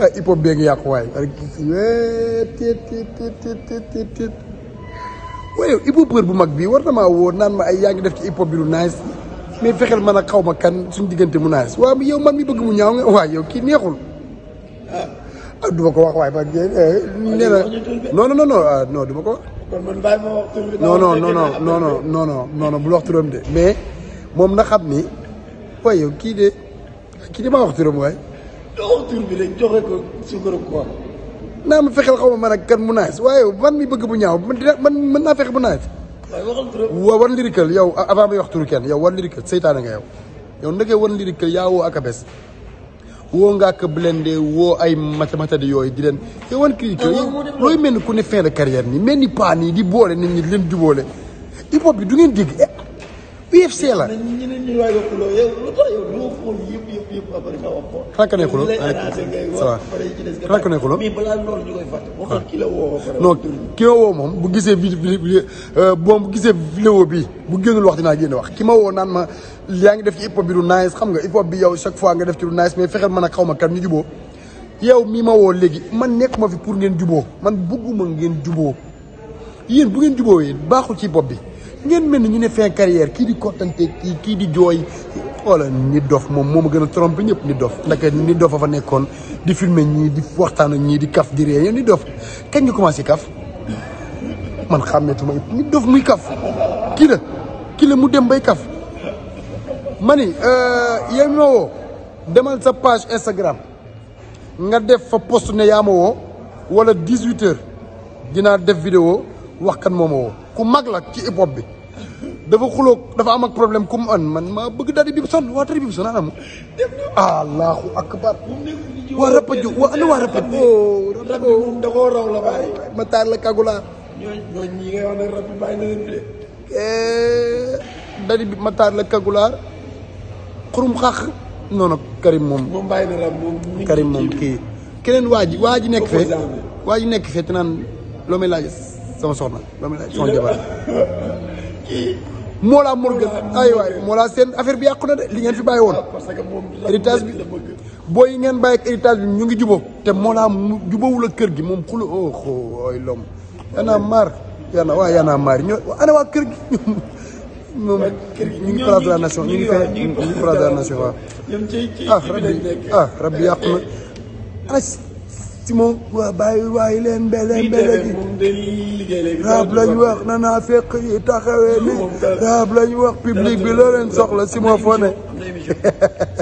Eh, hip hop beeg yàqu waay parce que gis tit tit tit waaye hip bu mag bii war na maa woo naan ma yaa ngi def ci hip hop bi lu nice mais fexeel man a xaw ma kan suñu diggante mu nice waaw yow man mi bëgg mu ñaaw nga waaye yow kii neexul ah du du ma ko wax. kon man bàyyi ma wax tur bi. non de mais moom na xam ni waaye yow kii de kii de maa wax turam waaye. joxal tur bi rek joxe ko suukaru naa ma fexeel xaw ma man ak kan mu naaj waaye man mi bëgg bu ñaaw man dina man mën naa fexe bu naaj. waaye yow avant may wax turu kenn yow wan lirikal seytaane nga yow yow ndeke wan lirikal yaa woo ak a bes woo nga ak blende woo ay matamatat yooyu di leen yow wan kii looy mel ni kou ne fin de carrière nii mel ni paan yi di boole nit ñi di leen jubóole hip hop bi du ngeen eh, UFC la. ñeneen ñi waay waxuloo yow lu tax yow doo ko. xanaa nekkul loo moom bu gisee bi bi moom bu gisee vidéo bi bu génnul wax dinaa génn wax ki ma woo naan ma yaa ngi def ci hip hop bi du nice xam nga hip hop bi yow chaque fois nga def ci du nice mais fexeel man a xaw ma kan ñu juboo yow mii ma woo léegi man nekkuma fi pour ngeen juboo man bugguma ngeen juboo yéen bu ngeen juboo baaxul ci bopp bi ngeen mel ñu né fin carrière ki di contenté, ki di joy wala ni Doff mom gëna ñep trompé dof ndaka fa di filmer ñi di waxtaan ñi di kaf di kañ commencé kaf man xàmmeetuma ni Doff muy kaf ki la Qui la mu dem bay kaf mani euh sa page Instagram nga def fa post ne yaa wo wala 18 heures dina def vidéo wax kan moom ma woo ku mag la ci hip hop bi dafa xuloo dafa am ak problème ku mu an man maa bëgg daal di bib son waa tari allahu akbar waa rapa jo waa ana waa rapa oh, da bi bàyyi na leen bi eh, mataar la kagulaar xurum xax noonu Karim moom bàyyi na Karim moom kii keneen waa ji waa ji nekk fee waa ji sama soxna moo ne sama jabar Mollah Morgun ay waay Mollah seen affaire bi yàqu na de li ngeen fi bàyyi woon héritage bi boo yi ngeen bàyyi ak bi ñu ngi jubóo te Mollah jubóowul ak kër gi moom xulu oh ooy lom yana maar yana waa yana maar ñoo ana waa ngi place de la nation ñu ngi fee ñu ngi place de la nation waaw ah rab bi ah rab bi yàqu na ci moom waa bàyyi waaye leen mbele mbele gi raab lañ wax na naa fekk yi taxawee ni raab lañ wax public bi loo leen soxla si moo